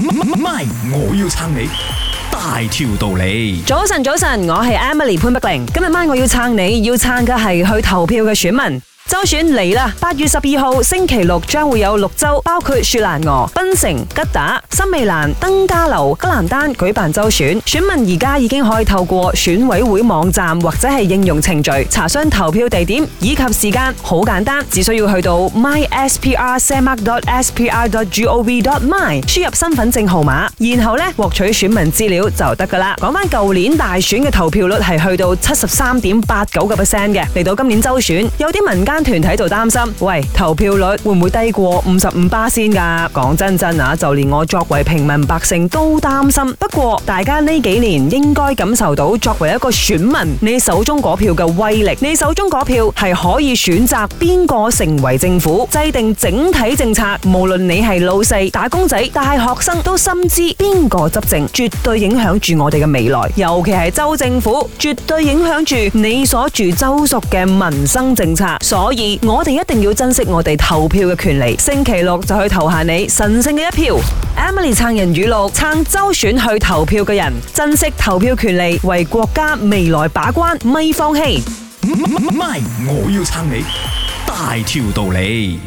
唔咪，我要撐你，大條道理。早晨，早晨，我係 Emily 潘碧玲。今日晚我要撐你，要撐嘅係去投票嘅選民。州選嚟啦！八月十二號星期六將會有六州，包括雪蘭莪、檳城、吉打、森美蘭、登嘉樓、吉蘭丹舉辦州選。選民而家已經可以透過選委會網站或者係應用程序查詢投票地點以及時間，好簡單，只需要去到 myspr.semak.spr.gov.my 輸入身份證號碼，然後咧獲取選民資料就得噶啦。講返舊年大選嘅投票率係去到七十三點八九個 percent 嘅，嚟到今年州選有啲民間團體就擔心，喂，投票率會唔會低過五十五巴仙噶？講真真啊，就連我作為平民百姓都擔心。不過大家呢幾年應該感受到，作為一個選民，你手中嗰票嘅威力，你手中嗰票係可以選擇邊個成為政府，制定，整體政策。無論你係老細、打工仔、大學生，都深知邊個執政絕對影響住我哋嘅未來，尤其係州政府，絕對影響住你所住州屬嘅民生政策所。所以，我哋一定要珍惜我哋投票嘅權利。星期六就去投下你神聖嘅一票。Emily 撐人語錄，撐州選去投票嘅人，珍惜投票權利，為國家未來把關，咪放棄，咪我要撐你，大條道理。